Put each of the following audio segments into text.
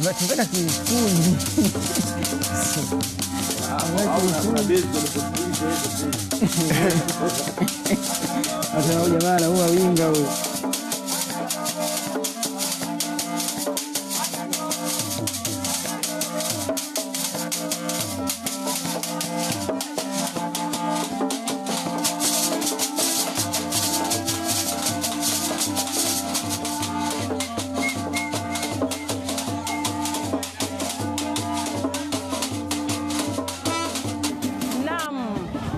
Vai te vem aqui, escuro. Ah, vai que Wasema huyu jamaa anaua winga huyu.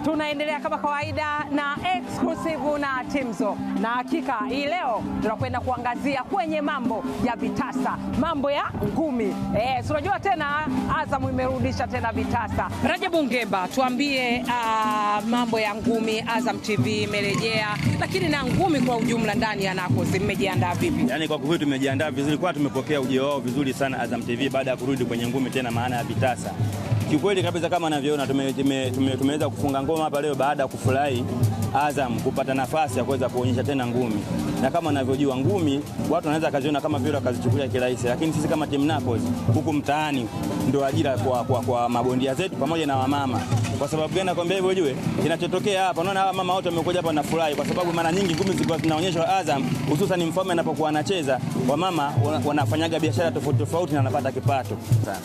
Tunaendelea kama kawaida na na Timzo, na hakika hii leo tunakwenda kuangazia kwenye mambo ya vitasa, mambo ya ngumi. Eh, unajua tena Azam imerudisha tena vitasa. Rajabu Ngemba, tuambie uh, mambo ya ngumi. Azam TV imerejea, lakini na ngumi kwa ujumla ndani ya zimejiandaa mmejiandaa vipi? Yaani kwa kweli tumejiandaa vizuri, kwa tumepokea ujio wao vizuri sana Azam TV baada ya kurudi kwenye ngumi tena, maana ya vitasa kiukweli kabisa, kama anavyoona tumeweza kufunga ngoma hapa leo baada ya kufurahi Azam kupata nafasi ya kuweza kuonyesha tena ngumi, na kama anavyojua ngumi watu wanaweza kaziona kama vile wakazichukulia kirahisi, lakini sisi kama Team Nacoz huku mtaani ndio ajira kwa, kwa, kwa mabondia zetu pamoja na wamama. Kwa sababu gani nakwambia hivyo? Ujue kinachotokea hapa, unaona hawa mama wote wamekuja hapa wanafurahi, kwa sababu mara nyingi ngumi zilikuwa zinaonyeshwa Azam, hususan Mfaume anapokuwa anacheza, wamama wanafanyaga biashara tofauti tofauti na wanapata kipato sana.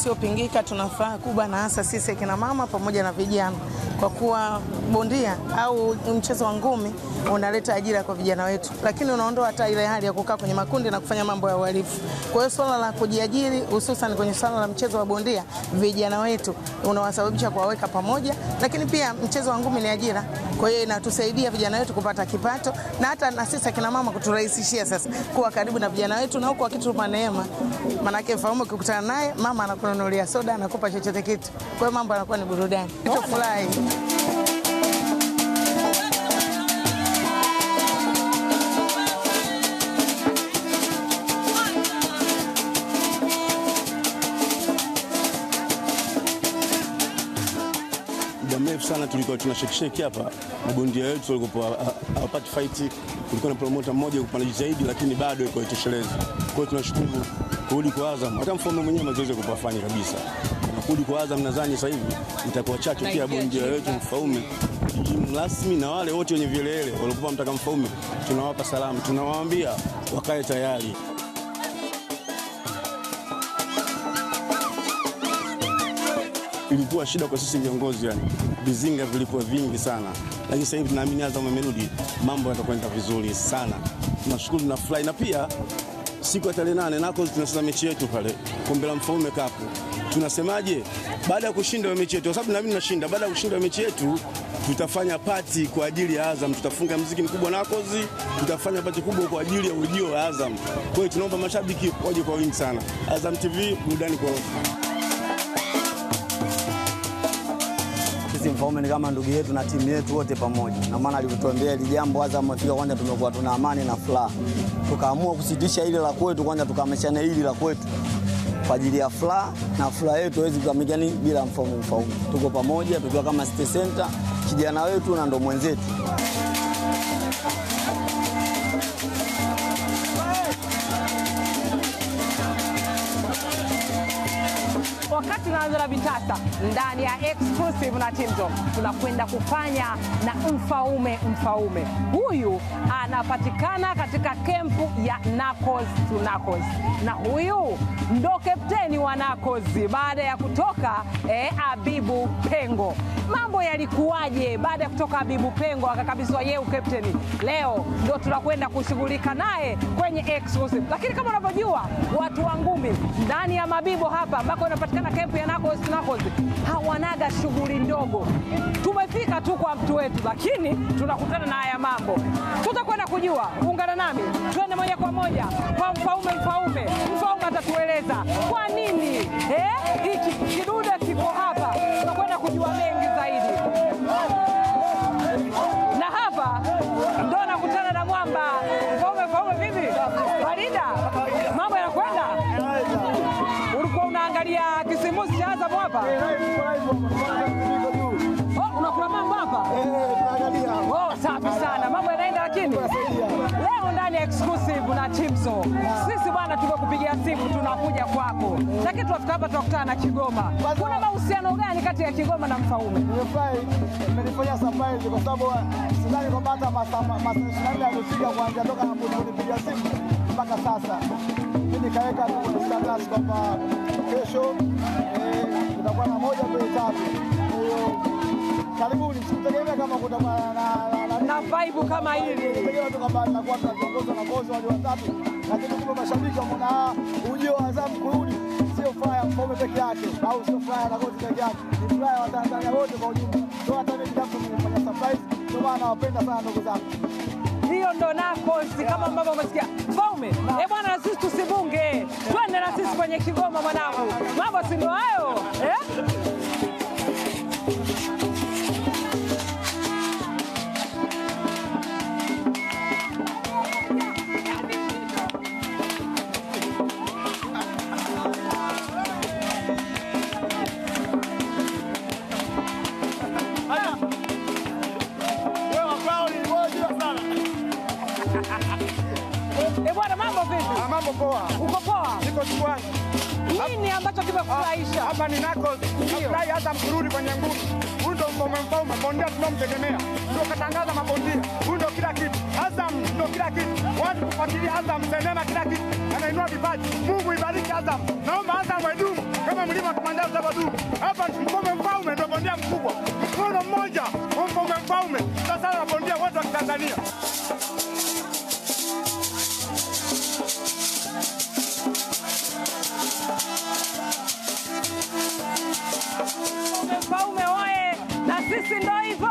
usiopingika tuna furaha kubwa, na hasa sisi kina mama pamoja na vijana, kwa kuwa bondia au mchezo wa ngumi unaleta ajira kwa vijana wetu, lakini unaondoa hata ile hali ya kukaa kwenye makundi na kufanya mambo ya uhalifu. Kwa hiyo swala la kujiajiri, hususan kwenye swala la mchezo wa bondia, vijana wetu unawasababisha kuwaweka pamoja, lakini pia mchezo wa ngumi ni ajira. Kwa hiyo inatusaidia vijana wetu kupata kipato na hata na sisi akina mama kuturahisishia sasa kuwa karibu na vijana wetu na huko akitupa neema, manake mfahamu, ukikutana naye mama anakununulia soda, anakupa chochote kitu. Kwa hiyo mambo yanakuwa ni burudani, tutafurahi. tulikuwa tuna shake shake hapa, mabondia wetu walikuwa hawapati fight. Kulikuwa na promoter mmoja kupanda zaidi, lakini bado iko itoshelezi. Kwa hiyo tunashukuru kurudi kwa Azam, hata mfano mwenyewe mazoezi alikuwa afanya kabisa kurudi kwa Azam, nadhani sasa hivi itakuwa chache pia bondia wetu Mfaume rasmi, na wale wote wenye vilele walikuwa mtaka Mfaume, tunawapa salamu, tunawaambia wakae tayari. ilikuwa shida kwa sisi viongozi, yani vizinga vilikuwa vingi sana, lakini sasa hivi tunaamini Azam amerudi, mambo yatakwenda vizuri sana. Tunashukuru, na tunafurahi na pia siku ya tarehe nane nako tunacheza mechi yetu pale kombe la mfalme cup. Tunasemaje? baada ya kushinda mechi yetu, kwa sababu naamini tunashinda. Baada ya kushinda mechi yetu, tutafanya pati kwa ajili ya Azam, tutafunga mziki mkubwa na kozi, tutafanya pati kubwa kwa ajili ya ujio wa Azam. Kwa hiyo tunaomba mashabiki waje kwa wingi sana. Azam TV, burudani kwa wote. sisi Mfaume ni kama ndugu yetu na timu yetu wote pamoja, na maana alivyotuambia ile jambo Azam afika kwanza, tumekuwa tuna amani na furaha, tukaamua kusitisha ile la kwetu kwanza, tukameshana ile la kwetu kwa ajili ya furaha na furaha yetu haiwezi kukamilika bila Mfaume. Mfaume tuko pamoja tukiwa kama City Center, kijana wetu na ndo mwenzetu. Basi Angela Bintasa ndani ya exclusive na Timzo. tunakwenda kufanya na mfaume. Mfaume huyu anapatikana katika kempu ya Nacoz to Nacoz, na huyu ndo kapteni wa Nacoz baada ya kutoka eh, Abibu Pengo. Mambo yalikuwaje baada ya kutoka Abibu Pengo akakabidhiwa yeye ukapteni? Leo ndo tunakwenda kushughulika naye kwenye exclusive, lakini kama unavyojua watu wa ngumi ndani ya Mabibo hapa ambako unapatikana kempu vya NACOS hawanaga shughuli ndogo. Tumefika tu kwa mtu wetu, lakini tunakutana na haya mambo. Tutakwenda kujua, ungana nami, twende moja kwa moja kwa Mfaume. Mfaume Mfaume atatueleza kwa nini eh, hiki kidude kiko hapa. tutafika hapa tutakutana na Kigoma. Kuna mahusiano gani kati ya Kigoma na Mfaume? Nimefurahi, imenifanya surprise kwa sababu eh, sidhani kwamba hata masaa ishirini yamefika kuanzia toka kunipiga simu mpaka sasa. Mimi nikaweka tu kwenye status kwamba kesho tutakuwa eh, na moja kwa tatu. hiyo karibuni, kama kutakuwa na vibe kama hili. Nitegemea tu kwamba tutakuwa tunakiongozwa na bosi wale watatu, lakini kumbe mashabiki wameona ujio wa Azam kurudi flyer Mkome peke yake au sio flyer na goti peke yake, ni flyer wa Tanzania wote kwa ujumla. So hata mimi kama nimefanya surprise, ndio maana nawapenda sana ndugu zangu. Hiyo ndo Nacosi Kama ambavyo umesikia Mfaume eh bwana, na sisi tusibunge, twende na sisi kwenye Kigoma mwanangu, mambo si ndio hayo eh? poa. Uko poa? Niko shwari. Nini ambacho kimekufurahisha? Hapa ni Knuckles. Nafurahi hata mkururi kwenye ngumi. Huyu ndo mfomemfoma, bondia tunamtegemea Ndio katangaza mabondia. Huyu ndo kila kitu. Azam ndo kila kitu. Watu kufuatilia Azam senema kila kitu. Anainua vipaji. Mungu ibariki Azam. Naomba Azam wedumu kama mlima wa Kilimanjaro utabadumu. Hapa mfome mfalme ndo bondia mkubwa. Mkono mmoja mfome mfalme. Sasa na bondia wote wa Kitanzania. Mfaume oye! Na sisi ndo hivyo,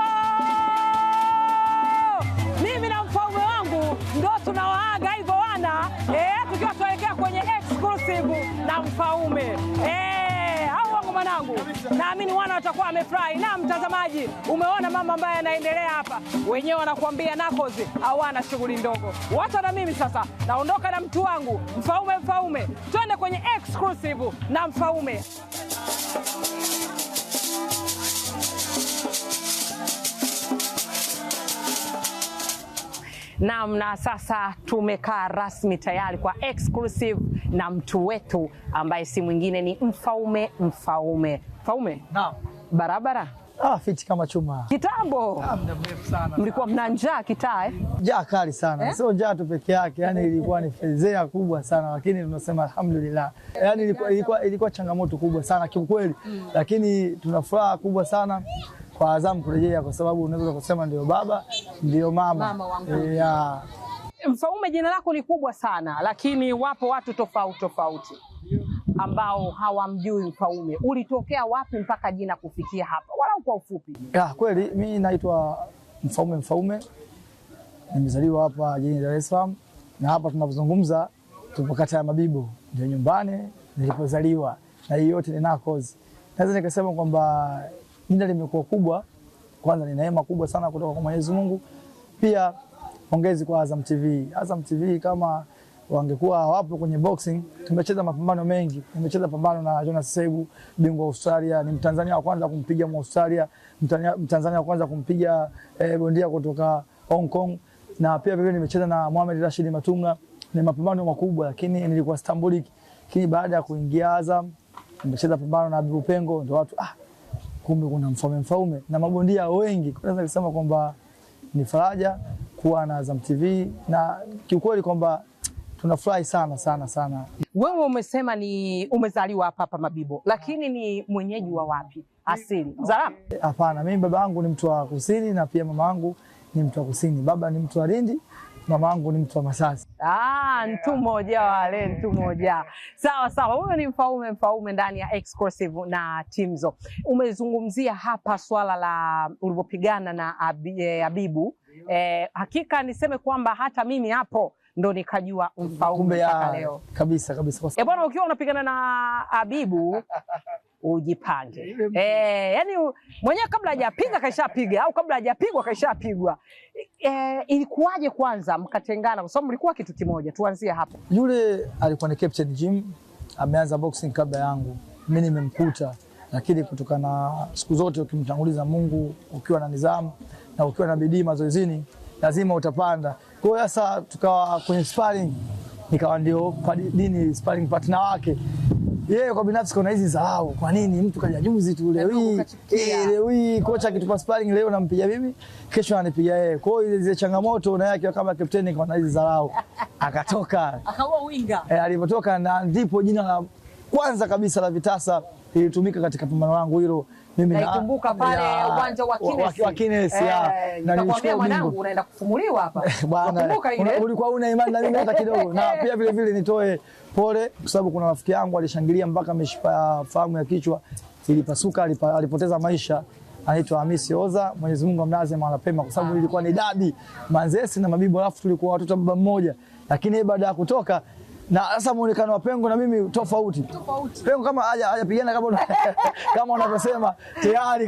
mimi na mfaume wangu ndo tunawaaga hivyo wana e, tukiwa tuelekea kwenye exclusive na mfaume e, eh, au wangu mwanangu, naamini wana watakuwa wamefurahi. Na mtazamaji, umeona mama ambaye anaendelea hapa, wenyewe wanakuambia nakozi hawana shughuli ndogo. Wacha na mimi sasa naondoka na mtu wangu mfaume. Mfaume, twende kwenye exclusive na mfaume. Naam, na sasa tumekaa rasmi tayari kwa exclusive na mtu wetu ambaye si mwingine ni Mfaume Mfaume. Mfaume? Naam. Barabara? Ah, fiti kama chuma. Kitambo. Ah, Mlikuwa mna njaa kitaa eh? Njaa kali sana. Eh? Sio njaa tu peke yake, yani ilikuwa ni fezea kubwa sana lakini tunasema alhamdulillah. Yani ilikuwa, ilikuwa, ilikuwa changamoto kubwa sana kiukweli. Mm. Lakini tuna furaha kubwa sana kwa Azam kurejea kwa sababu unaweza kusema ndio baba ndio mama, mama Yeah. Mfaume, jina lako ni kubwa sana lakini wapo watu tofauti tofauti ambao hawamjui Mfaume. Ulitokea wapi mpaka jina kufikia hapa, walau kwa ufupi? Ya, kweli mi naitwa Mfaume Mfaume, nimezaliwa hapa jijini Dar es Salaam, na hapa tunazungumza tupo kata ya Mabibo, ndio nyumbani nilipozaliwa, na hii yote ni nakozi. Naweza nikasema kwamba jina limekuwa kubwa kwanza ni neema kubwa sana kutoka kwa Mwenyezi Mungu. Pia pongezi kwa Azam TV. Azam TV kama wangekuwa hawapo kwenye boxing, tumecheza mapambano mengi. Nimecheza pambano na Jonas Sebu, bingwa Australia, ni Mtanzania wa kwanza kumpiga Australia, Mtanzania wa kwanza kumpiga eh, bondia kutoka Hong Kong, na pia vile nimecheza na Mohamed Rashid Matunga. Ni mapambano makubwa, lakini nilikuwa stambulik, lakini baada ya kuingia Azam nimecheza pambano na Abibu Pengo, ndio watu ah kumbe kuna mfalme mfalme na mabondia wengi. Naweza kusema kwamba ni faraja kuwa na Azam TV na kiukweli kwamba tunafurahi sana sana sana. Wewe umesema ni umezaliwa hapa hapa Mabibo, lakini ni mwenyeji wa wapi asili? Mzaramo? Hapana, mimi baba yangu ni mtu wa Kusini na pia mama yangu ni mtu wa Kusini. Baba ni mtu wa Lindi mamangu ni mtu wa Masasi. Ah, mtu mmoja wale, mtu mmoja. Sawa sawa, huyo ni mfaume mfaume ndani ya Exclusive na Timzo. Umezungumzia hapa swala la ulivyopigana na eh, Abibu. Eh, hakika niseme kwamba hata mimi hapo ndo nikajua mfaume leo. Kabisa kabisa. Eh, bwana ukiwa unapigana na Abibu ujipange Eh, yani mwenyewe kabla hajapiga kaishapiga au kabla hajapigwa kaishapigwa. Eh, ilikuwaje kwanza mkatengana, kwa sababu mlikuwa kitu kimoja? Tuanzie hapo. Yule alikuwa ni Captain Jim, ameanza boxing kabla yangu, mimi nimemkuta, lakini kutokana siku zote ukimtanguliza Mungu, ukiwa na nidhamu na ukiwa na bidii mazoezini, lazima utapanda. Kwa hiyo sasa tukawa kwenye sparring nikawa ndio nini sparring partner wake yeye kwa binafsi kuna hizi zao. Kwa nini mtu kaja juzi tu leo hii eh, leo hii kocha kitupa sparring leo nampiga mimi, kesho ananipiga yeye. Kwa hiyo zile changamoto na yake kama captain kwa hizi dharau akatoka akaua winga e, alipotoka na ndipo jina la kwanza kabisa la Vitasa lilitumika katika pambano langu hilo mimi naikumbuka pale uwanja wa Kinesi wa Kinesi, eh, na nilikwambia mwanangu, unaenda kufumuliwa hapa bwana, ulikuwa una imani na mimi hata kidogo. Na pia vile vile nitoe pole, kwa sababu kuna rafiki yangu alishangilia mpaka mishipa fahamu ya kichwa ilipasuka, alipoteza maisha anaitwa Hamisi Oza, Mwenyezi Mungu amlaze mahali pema, kwa sababu ah. ilikuwa ni dabi Manzesi na Mabibo, alafu tulikuwa watoto wa baba mmoja, lakini baada ya kutoka na sasa muonekano wa Pengo na mimi tofauti. Tofauti. Pengo kama hajapigana kama kama unavyosema tayari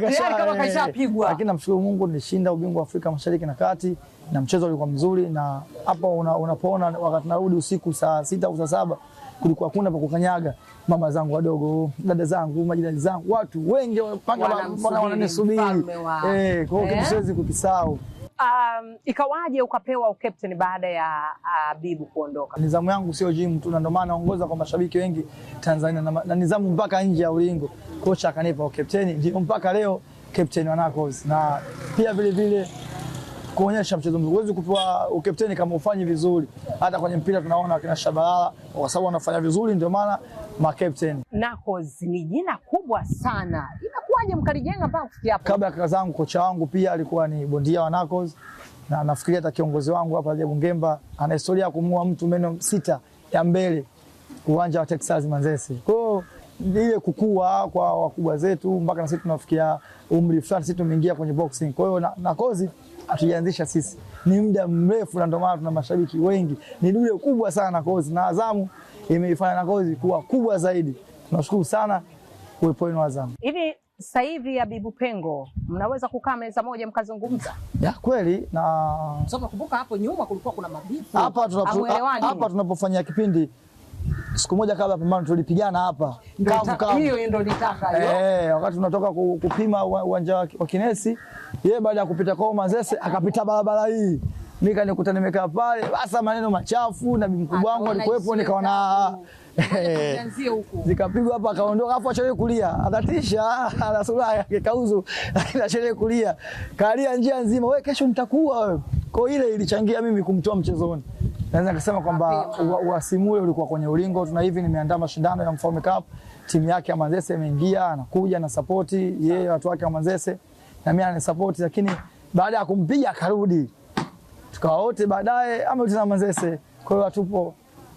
pigwa, Lakini namshukuru Mungu nilishinda ubingwa wa Afrika Mashariki na Kati na mchezo ulikuwa mzuri, na hapa unapoona wakati narudi usiku saa sita au saa saba kulikuwa hakuna pa kukanyaga. Mama zangu wadogo, dada zangu, majirani zangu, watu wengi wamepanga wananisubiri. Eh, kwa hiyo kitu eh? siwezi kukisahau um, ikawaje ukapewa ukapteni baada ya uh, Bibu kuondoka? Nizamu yangu sio jimu tu, na ndio maana naongoza kwa mashabiki wengi Tanzania na, na nizamu mpaka nje ya ulingo. Kocha akanipa ukapteni ndio mpaka leo kapteni wa Nakos, na pia vile vile kuonyesha mchezo mzuri. Huwezi kupewa ukapteni kama ufanyi vizuri. Hata kwenye mpira tunaona kina Shabalala kwa sababu wanafanya vizuri, ndio maana makapteni. Nakos ni jina kubwa sana, jina mmoja mkalijenga mpaka kufikia hapo. Kabla ya kaka zangu, kocha wangu pia alikuwa ni bondia wa Nakos, na nafikiria hata kiongozi wangu hapa Rajabu Ngemba ana historia ya kumua mtu meno sita ya mbele uwanja wa Texas Manzese. Kwa hiyo ile kukua kwa wakubwa zetu mpaka na sisi tunafikia umri fulani, sisi tumeingia kwenye boxing. Kwa hiyo na, na kozi hatujaanzisha sisi, ni muda mrefu, na ndio maana tuna mashabiki wengi. Ni dule kubwa sana na kozi, na Azamu imeifanya na kozi kuwa kubwa zaidi. Tunashukuru sana uwepo wenu Azamu. Hivi sasa hivi ya Bibu Pengo mnaweza kukaa meza moja mkazungumza? Ya kweli na sababu kumbuka hapo nyuma kulikuwa kuna mabifu. Hapa tunapo hapa tunapofanya kipindi siku moja kabla pambano tulipigana hapa hiyo ndio nitaka hiyo. Eh, wakati tunatoka kupima uwanja wa Kinesi, yeye baada ya kupita kwa mazese akapita barabara hii Mika kanikuta nimekaa pale, basa maneno machafu na bibi mkubwa wangu alikuwepo, nikaona Eh, zikapigwa hapa akaondoka, afu achelewe kulia, anatisha ana sura yake kauzu, lakini achelewe kulia, kalia njia nzima, wewe kesho nitakuwa wewe. Kwa ile ilichangia mimi kumtoa mchezoni. Naweza kusema kwamba wasimule ulikuwa kwenye ulingo. Tuna hivi nimeandaa mashindano ya Mfalme Cup, timu yake ya Manzese imeingia, anakuja na support yeye, watu wake wa Manzese na mimi ananisupport, lakini baada ya kumpiga akarudi, tukawa wote baadaye amerudi na Manzese, kwa hiyo tupo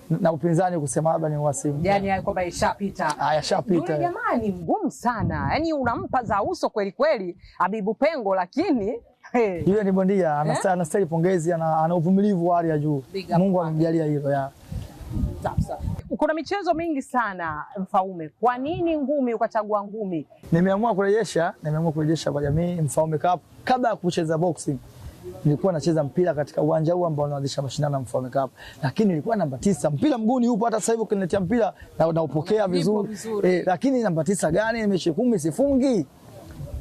na upinzani kusema labda ni uhasimu, yani kwamba ishapita, ah, yashapita. Jamaa ni sana, yani unampa za uso kweli kweli Habibu Pengo, lakini hey. Yule ni bondia anastahili eh? Pongezi, ana uvumilivu wa hali ya juu, Mungu amemjalia hilo ya kuna michezo mingi sana Mfaume, kwa nini ngumi ukachagua ngumi? Nimeamua kurejesha, nimeamua kurejesha kwa jamii Mfaume Cup kabla ya kucheza boxing nilikuwa nacheza mpira katika uwanja huu ambao unaanzisha mashindano ya Mfalme Cup, lakini nilikuwa namba tisa. Mpira mguuni upo hata sasa hivi, ukiniletea mpira na naupokea vizuri, e, lakini namba tisa gani? Nimeshi kumi sifungi.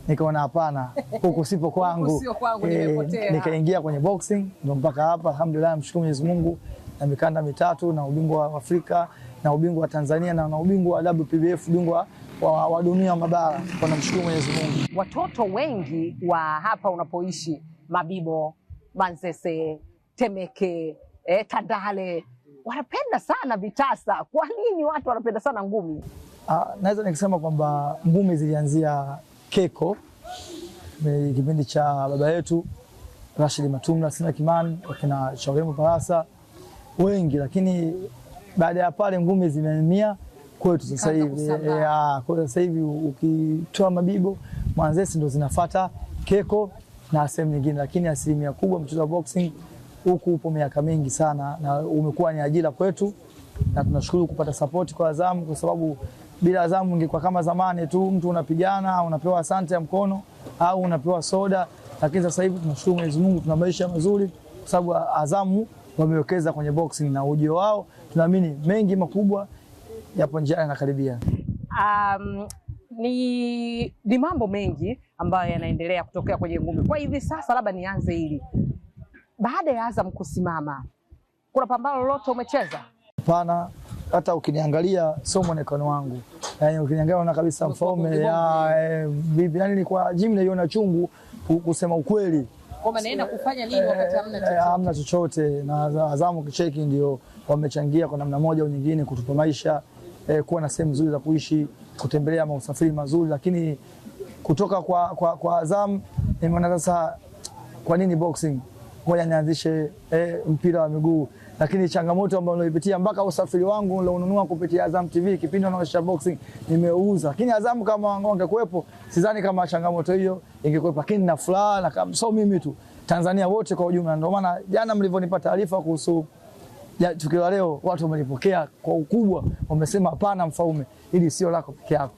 Nikaona hapana, huku sipo kwangu, kwangu eh, nikaingia kwenye boxing ndio mpaka hapa. Alhamdulillah, mshukuru Mwenyezi Mungu na mikanda mitatu na ubingwa wa Afrika na ubingwa wa Tanzania na, na ubingwa wa WPBF ubingwa wa, wa dunia mabara. Kwa namshukuru Mwenyezi Mungu, watoto wengi wa hapa unapoishi Mabibo, Manzese, Temeke, eh, Tandale wanapenda sana vitasa. Kwa nini watu wanapenda sana ngumi? Ah, naweza nikisema kwamba ngumi zilianzia Keko kipindi cha baba yetu Rashid Matumla, Sina Kimani, wakina Shawemu Parasa wengi, lakini baada ya pale ngumi zimehamia kwetu sasa hivi. Eh, ah, kwa sasa hivi ukitoa Mabibo, Mwanzesi ndo zinafata Keko na sehemu nyingine, lakini asilimia kubwa mchezo wa boxing huku upo miaka mingi sana na umekuwa ni ajira kwetu, na tunashukuru kupata support kwa Azamu, kwa sababu bila Azamu ingekuwa kama zamani tu, mtu unapigana unapewa asante ya mkono au unapewa soda, lakini sasa hivi tunashukuru Mwenyezi Mungu tuna maisha mazuri, kwa sababu Azamu wamewekeza kwenye boxing na ujio wao tunaamini mengi makubwa yapo njiani yanakaribia. Um, ni, ni mambo mengi ambayo yanaendelea kutokea kwenye ngumi kwa hivi sasa. Labda nianze hili, baada ya Azam kusimama, kuna pambano lolote umecheza? Hapana, hata ukiniangalia sio mwonekano wangu yani, ukiniangalia unaona kabisa Mfaume eh, vipi, yani ni kwa gym naiona chungu, kusema ukweli eh, hamna chochote na Azamu kicheki ndio wamechangia kwa namna moja au nyingine kutupa maisha eh, kuwa na sehemu nzuri za kuishi kutembelea mausafiri mazuri, lakini kutoka kwa, kwa, kwa Azam nimeona sasa, kwa nini boxing, ngoja nianzishe eh, mpira wa miguu. Lakini changamoto ambayo nilipitia mpaka usafiri wangu nilionunua kupitia Azam TV kipindi wanaonyesha boxing nimeuza, lakini Azam kama wangekuwepo, sidhani kama changamoto hiyo ingekuwepo, lakini na furaha na kama so mimi tu, Tanzania wote kwa ujumla. Ndio maana jana mlivyonipa taarifa kuhusu ya tukio la leo watu wamelipokea kwa ukubwa, wamesema hapana, mfaume, hili sio lako peke yako,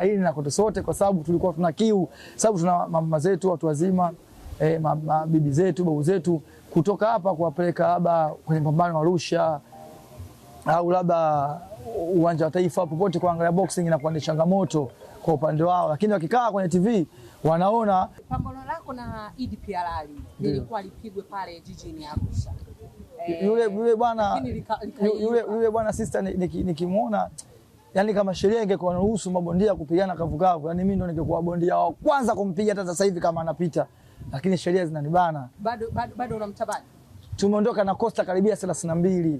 hili ni kwetu sote, kwa sababu tulikuwa tuna kiu, sababu tuna mama zetu watu wazima eh, mabibi zetu babu zetu kutoka hapa kuwapeleka labda kwenye pambano Arusha au labda uwanja wa Taifa popote kuangalia boxing, na ni changamoto kwa upande wao, lakini wakikaa kwenye TV wanaona. Pambano lako na Idi Pialali lilikuwa lipigwe pale jijini Arusha Eh, yule yule bwana yule yule bwana sister, nikimwona yani kama sheria ingekuwa inaruhusu mabondia kupigana kavukavu, yani mimi ndo ningekuwa bondia wa kwanza kumpiga hata sasa hivi kama anapita, lakini sheria zinanibana. Bado bado unamtabani? Tumeondoka na Costa karibia 32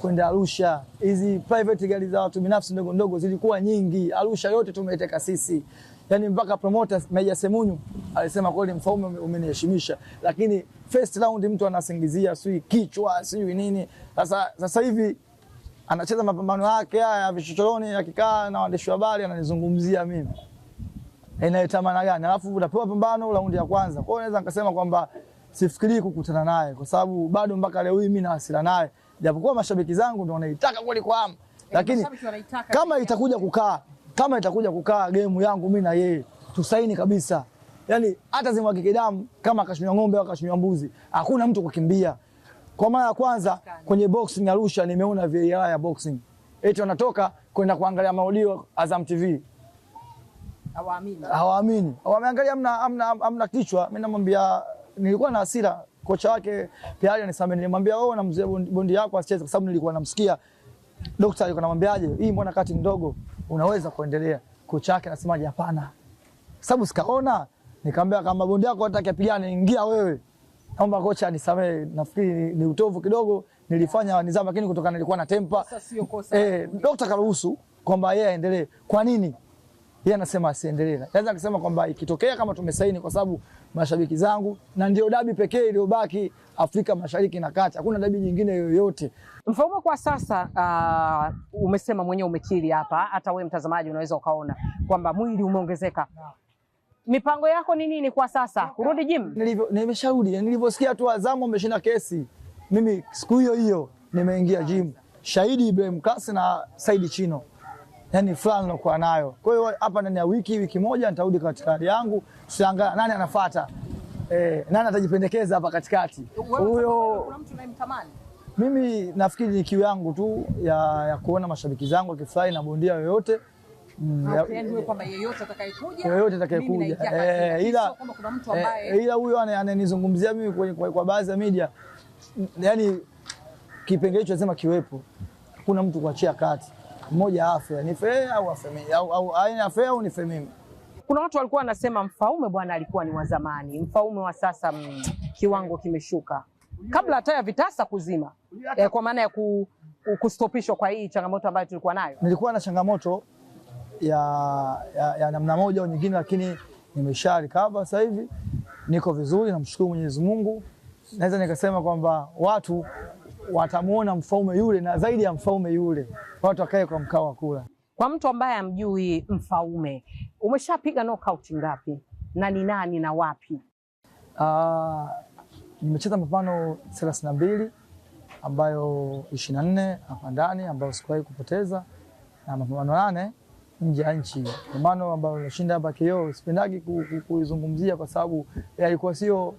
kwenda Arusha. Hizi private gari za watu binafsi ndogo ndogo zilikuwa nyingi Arusha, yote tumeiteka sisi yani mpaka promoter Meja Semunyu alisema kweli Mfaume umeniheshimisha, lakini first round mtu anasingizia sui kichwa sui nini. Sasa sasa hivi anacheza mapambano yake haya ya vichochoroni, akikaa na waandishi wa habari ananizungumzia mimi inaleta maana gani? Alafu unapewa pambano raundi ya kwanza. Kwa hiyo naweza nikasema kwamba sifikiri kukutana naye kwa sababu bado mpaka leo hii mimi na hasira naye, japokuwa mashabiki zangu ndio wanaitaka kweli kwa hamu, eh, lakini kama itakuja kukaa kama itakuja kukaa gemu yangu mimi na yeye tusaini kabisa, yani hata zimwagike damu, kama akashunywa ng'ombe au akashunywa mbuzi, hakuna mtu kukimbia. Kwa mara ya kwanza kwenye boxing Arusha nimeona VAR ya boxing, eti wanatoka kwenda kuangalia maudio Azam TV, hawaamini hawaamini, wameangalia amna, amna, amna kichwa. Mimi namwambia nilikuwa na hasira kocha wake pia anisamehe, nilimwambia wewe oh, na mzee bondi yako asicheze, kwa sababu nilikuwa namsikia daktari alikuwa anamwambiaje, hii mbona kati ndogo unaweza kuendelea. Kocha yake anasemaje? Hapana, sababu sikaona. Nikamwambia kama bondia yako hataki apigane, ingia wewe. Naomba kocha nisamee, nafikiri ni utovu kidogo nilifanya nizama, lakini kutokana nilikuwa na tempa. Eh, daktari karuhusu kwamba yeye aendelee. Kwa nini yeye anasema asiendelee? Naweza kusema kwamba ikitokea kama tumesaini, kwa sababu mashabiki zangu, na ndio dabi pekee iliyobaki Afrika Mashariki na Kati, hakuna dabi nyingine yoyote. Mfaume kwa sasa uh, umesema mwenyewe, umekiri hapa, hata wewe mtazamaji unaweza ukaona kwamba mwili umeongezeka. Mipango yako ni nini kwa sasa, kurudi gym? Nilivyo nimesharudi, nilivyosikia tu Azamu ameshinda kesi, mimi siku hiyo hiyo nimeingia gym. Shahidi Ibrahim Kasi na Saidi Chino yani fulani nakuwa nayo. Kwa hiyo hapa ndani ya wiki wiki moja nitarudi katika hali yangu, siangaa nani anafuata eh, nani atajipendekeza hapa katikati huyo mimi nafikiri ni kiu yangu tu ya, ya kuona mashabiki zangu akifurahi na bondia yoyote mm, yoyote yaani atakayekuja, eh, eh, ila huyo ananizungumzia mimi kwa, kwa baadhi ya media, yani kipengele hicho kiwepo, hakuna mtu kuachia kati mmoja afe, ni fea au afe mimi au, au aina afea au nife mimi. Kuna watu walikuwa wanasema mfaume bwana alikuwa ni wa zamani, mfaume wa sasa m, mm, kiwango kimeshuka, kabla hata ya vitasa kuzima eh, kwa maana ya ku, kustopishwa kwa hii changamoto ambayo tulikuwa nayo. Nilikuwa na changamoto ya, ya, ya namna moja au nyingine, lakini nimesha recover sasa hivi niko vizuri, namshukuru Mwenyezi Mungu. Naweza nikasema kwamba watu watamwona mfalme yule na zaidi ya mfalme yule, watu wakae kwa mkao wa kula. Kwa mtu ambaye amjui mfalme, umeshapiga knockout ngapi na ni nani na wapi? Uh, nimecheza mapambano thelathini na mbili ambayo ishirini na nne hapa ndani ambayo sikuwahi kupoteza na mapambano nane nje ya nchi. Mapambano ambayo nashinda hapa KO sipendagi kuizungumzia kwa sababu yalikuwa sio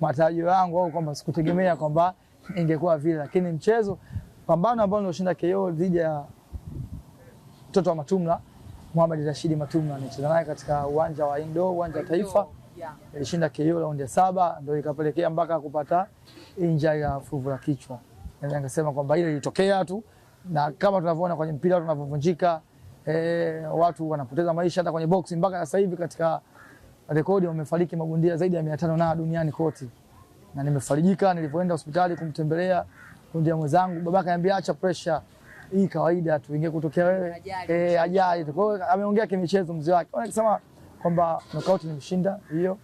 matarajio yangu au kwamba sikutegemea kwamba ingekuwa vile, lakini mchezo pambano ambao niloshinda KO dhidi ya mtoto wa Matumla Muhammad Rashidi Matumla, nilicheza naye katika uwanja wa Indo, uwanja wa Taifa, nilishinda KO raundi ya saba, ndio ikapelekea mpaka kupata injury ya fuvu la kichwa. Yani angesema kwamba ile ilitokea tu, na kama tunavyoona kwenye mpira tunavyovunjika E, watu wanapoteza maisha. Hata kwenye boxing mpaka sasa hivi katika rekodi wamefariki magundia zaidi ya 500 na duniani kote na nimefarijika. Nilipoenda hospitali kumtembelea kundia mwenzangu, babaka ananiambia acha pressure hii kawaida tu, inge kutokea wewe eh, ajali tu. Kwa hiyo ameongea kimichezo mzee wake, anasema kwamba knockout nimeshinda hiyo,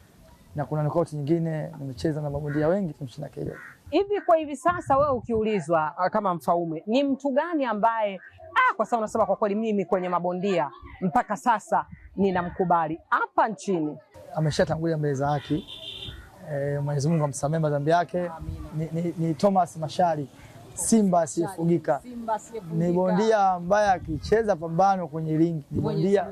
na kuna knockout nyingine nimecheza na mabondia wengi tumeshinda KO. Hivi kwa hivi sasa, wewe ukiulizwa ah, kama Mfaume ni mtu gani ambaye ah, kwa sababu unasema kwa kweli, mimi kwenye mabondia mpaka sasa ninamkubali hapa nchini, ameshatangulia mbele za haki Eh, Mwenyezi Mungu amsamehe madhambi yake. Ni, ni, ni Thomas Mashali, Simba asiyefugika, ni bondia ambaye akicheza pambano kwenye ringi ni bondia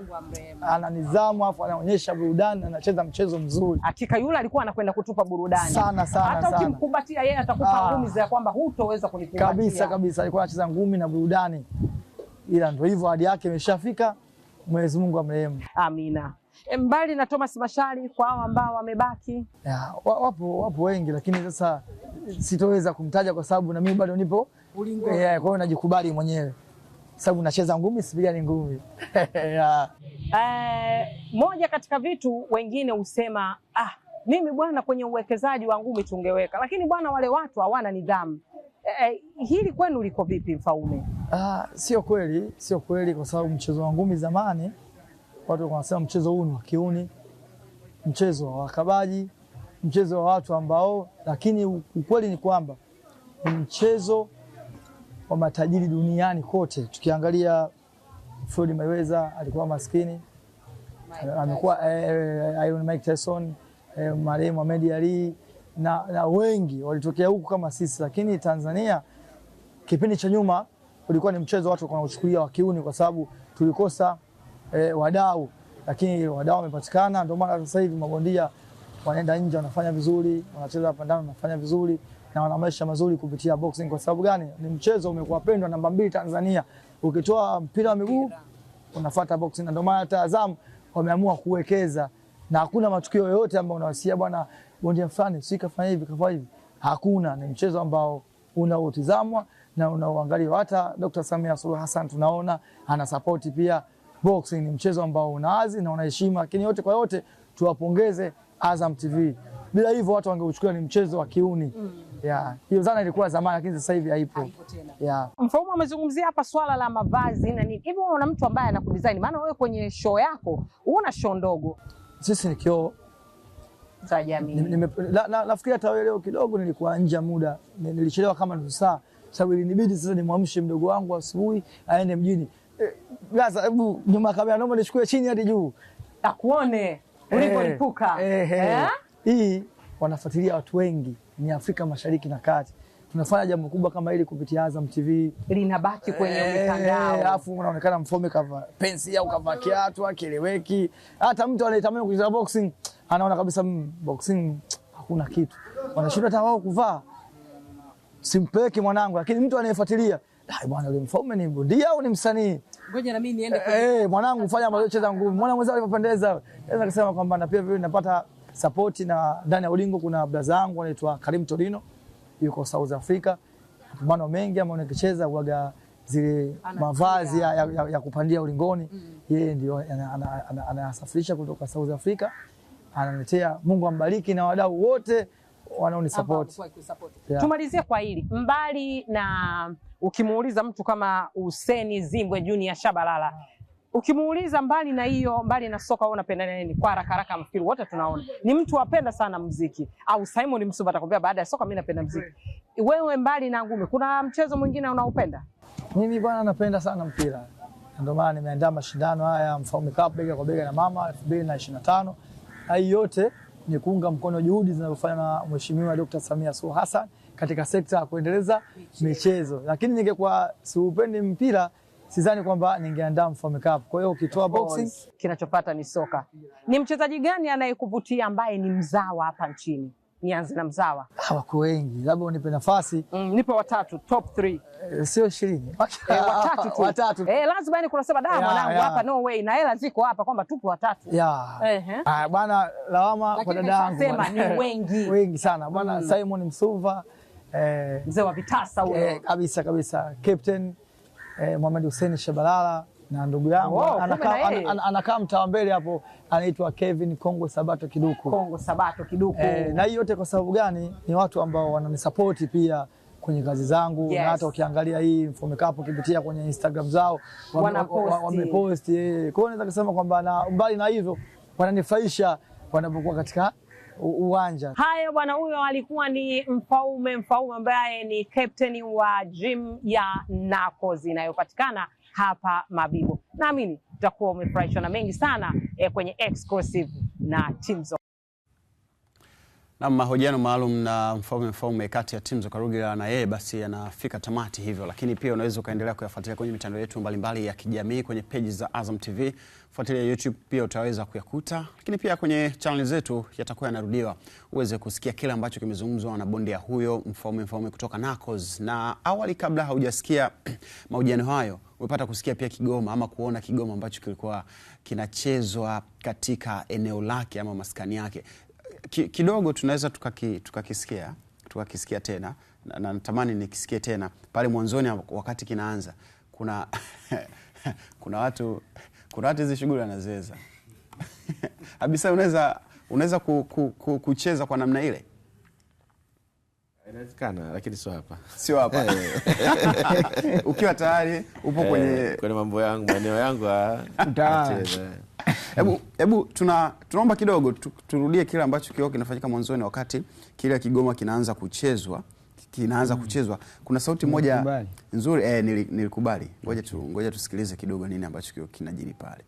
ana nizamu, afu anaonyesha burudani, anacheza mchezo mzuri. Hakika yule alikuwa anakwenda kutupa burudani sana sana, hata ukimkumbatia yeye atakupa ah. ngumi za kwamba hutoweza kunikumbatia kabisa kabisa. Alikuwa anacheza ngumi na burudani, ila ndio hivyo, hadi yake imeshafika. Mwenyezi Mungu amrehemu. Amina. Eh, mbali na Thomas Mashari, kwa hao ambao wamebaki? Yeah, wapo wapo wengi, lakini sasa sitoweza kumtaja kwa sababu na mimi bado nipo ulingoni. Yeah, kwa hiyo najikubali mwenyewe sababu nacheza ngumi, sipigani ngumi yeah. Eh, moja katika vitu wengine husema ah, mimi bwana, kwenye uwekezaji wa ngumi tungeweka, lakini bwana, wale watu hawana nidhamu. Eh, eh hili kwenu liko vipi Mfaume? Ah, sio kweli, sio kweli kwa sababu mchezo wa ngumi zamani watu wanasema mchezo huu ni wa kiuni, mchezo wa wakabaji, mchezo wa watu ambao, lakini ukweli ni kwamba ni mchezo wa matajiri duniani kote. Tukiangalia Floyd Mayweather alikuwa maskini, eh, amekuwa eh, eh, Iron Mike Tyson, marehemu Ahmed Ali na, na wengi walitokea huku kama sisi, lakini Tanzania kipindi cha nyuma ulikuwa ni mchezo watu wanaochukulia wa kiuni, kwa sababu tulikosa e, wadau, lakini wadau wamepatikana. Ndio maana sasa hivi mabondia wanaenda nje wanafanya vizuri, wanacheza pandano wanafanya vizuri na wana maisha mazuri kupitia boxing. Kwa sababu gani? Ni mchezo umekuwa pendwa namba mbili Tanzania, ukitoa mpira wa miguu unafuata boxing, na ndio maana hata Azam wameamua kuwekeza, na hakuna matukio yoyote ambayo unawasikia bwana bondia fulani si kafanya hivi kafanya hivi. Hakuna, ni mchezo ambao unaotizamwa na unaoangaliwa. Hata Dr. Samia Suluhu Hassan tunaona ana support pia boxing ni mchezo ambao una hadhi na una heshima, lakini yote kwa yote tuwapongeze Azam TV. Bila hivyo watu wangeuchukulia ni mchezo wa kiuni. Mm. Yeah. Hiyo zana ilikuwa zamani lakini sasa hivi haipo. Yeah. Mfaume amezungumzia hapa swala la mavazi na nini. Hivi una mtu ambaye anakudesign maana wewe kwenye show yako una show ndogo. Sisi ni kio za jamii. Nafikiri hata leo kidogo nilikuwa nje muda. Nilichelewa kama nusu saa. Sababu ilinibidi sasa nimwamshe mdogo wangu asubuhi aende mjini. Gaza, eh, hebu nyuma Kabera, naomba nichukue chini hadi juu akuone ulipolipuka. Eh eh, eh, eh, hii wanafuatilia watu wengi ni Afrika Mashariki na Kati. Tunafanya jambo kubwa kama hili kupitia Azam TV, linabaki kwenye mitandao, alafu unaonekana mfome kava pensi au kava ah. kiatu, akieleweki. Hata mtu anayetamani kujua boxing anaona kabisa hmm, boxing hakuna kitu, wanashindwa hata wao kuvaa. Simpeleke mwanangu, lakini mtu anayefuatilia bwana yule Mfaume ni bondia au ni msanii? Ngoja na mimi niende kwa eh, eh mwanangu fanya mazoezi, cheza ngumi. Mwana mwenzao alipopendeza. Naweza kusema kwamba na pia vile napata support na ndani ya ulingo kuna brother zangu anaitwa Karim Torino yuko South Africa. Mapambano mengi ama nikicheza huaga zile mavazi ya, ya, ya, ya kupandia ulingoni mm. Yeye ndio anasafirisha kutoka South Africa Ananetea, Mungu ambariki na wadau wote wanaonisupport. Tumalizie kwa hili mbali na ukimuuliza mtu kama Useni Zimbwe Junior Shabalala, ukimuuliza mbali na hiyo, mbali na soka, wewe unapenda nini? Kwa haraka haraka, mfikiri wote tunaona ni mtu apenda sana muziki, au Simon Msuva atakwambia baada ya soka, mimi napenda muziki. Wewe mbali na ngumi, kuna mchezo mwingine unaopenda? Mimi bwana, napenda sana mpira, ndio maana nimeandaa mashindano haya Mfaume Cup bega kwa bega na mama 2025 hai yote ni kuunga mkono juhudi zinazofanywa na Mheshimiwa Dr. Samia Suluhu Hassan katika sekta ya kuendeleza michezo, Lakini ningekuwa siupendi mpira sidhani kwamba ningeandaa Mfalme Cup. Kwa hiyo ukitoa boxing, kinachopata ni soka. Ni mchezaji gani anayekuvutia ambaye ni mzawa hapa nchini? Nianze na mzawa. Hawako wengi, labda unipe nafasi. Mm, nipe watatu, top 3. E, eh, sio 20. E, eh, watatu tu. Watatu. Eh, lazima yani kuna sema da mwanangu hapa no way na hela ziko hapa kwamba tupo watatu. Yeah. Ehe. Ah, bwana lawama kwa dadangu. Sema ni wengi. Wengi sana. Bwana mm. Simon Msuva eh, mzee wa vitasa huyo eh, kabisa kabisa Captain eh, Mohamed Hussein Shabalala na ndugu yangu wow, anakaa an, anakaa mtawa mbele hapo anaitwa Kevin Kongwe Sabato Kiduku. Kongo Sabato Kiduku. Eh, na hii yote kwa sababu gani? Ni watu ambao wananisapoti pia kwenye kazi zangu yes. Na hata ukiangalia hii Mfaume Cup ukipitia kwenye Instagram zao wameposti, eh. kwa hiyo naweza kusema kwamba na mbali na hivyo wananifurahisha wanapokuwa katika uwanja. Haya bwana, huyo alikuwa ni Mfaume Mfaume ambaye ni captain wa gym ya Nacoz inayopatikana hapa Mabibo. Naamini utakuwa umefurahishwa na mengi sana eh, kwenye exclusive na Timzo. Na mahojiano maalum na Mfaume Mfaume kati ya za Karugira na yeye basi yanafika tamati hivyo, lakini pia unaweza ukaendelea kuyafuatilia kwenye mitandao yetu mbalimbali ya kijamii, kwenye peji za Azam TV, fuatilia YouTube pia utaweza kuyakuta, lakini pia kwenye chaneli zetu yatakuwa yanarudiwa uweze kusikia kile ambacho kimezungumzwa na bondia huyo Mfaume Mfaume kutoka Nacoz. Na awali kabla haujasikia mahojiano hayo umepata kusikia pia Kigoma ama kuona Kigoma ambacho kilikuwa kinachezwa katika eneo lake ama maskani yake ki, kidogo tunaweza tukakisikia tuka tukakisikia tena na natamani nikisikie tena pale mwanzoni wakati kinaanza kuna kuna watu kuna watu hizi shughuli anaziweza kabisa unaweza unaweza ku, ku, ku, kucheza kwa namna ile Inawezekana lakini sio hapa. Sio hapa. Eh. Ukiwa tayari upo eh, kwenye kwenye mambo yangu, maeneo yangu ah. Hebu hebu tuna tunaomba kidogo tu, turudie kile ambacho kilikuwa kinafanyika mwanzoni wakati kile Kigoma kinaanza kuchezwa kinaanza mm. kuchezwa. Kuna sauti moja nzuri eh, nilikubali. Ngoja tu ngoja tusikilize kidogo nini ambacho kinajiri pale.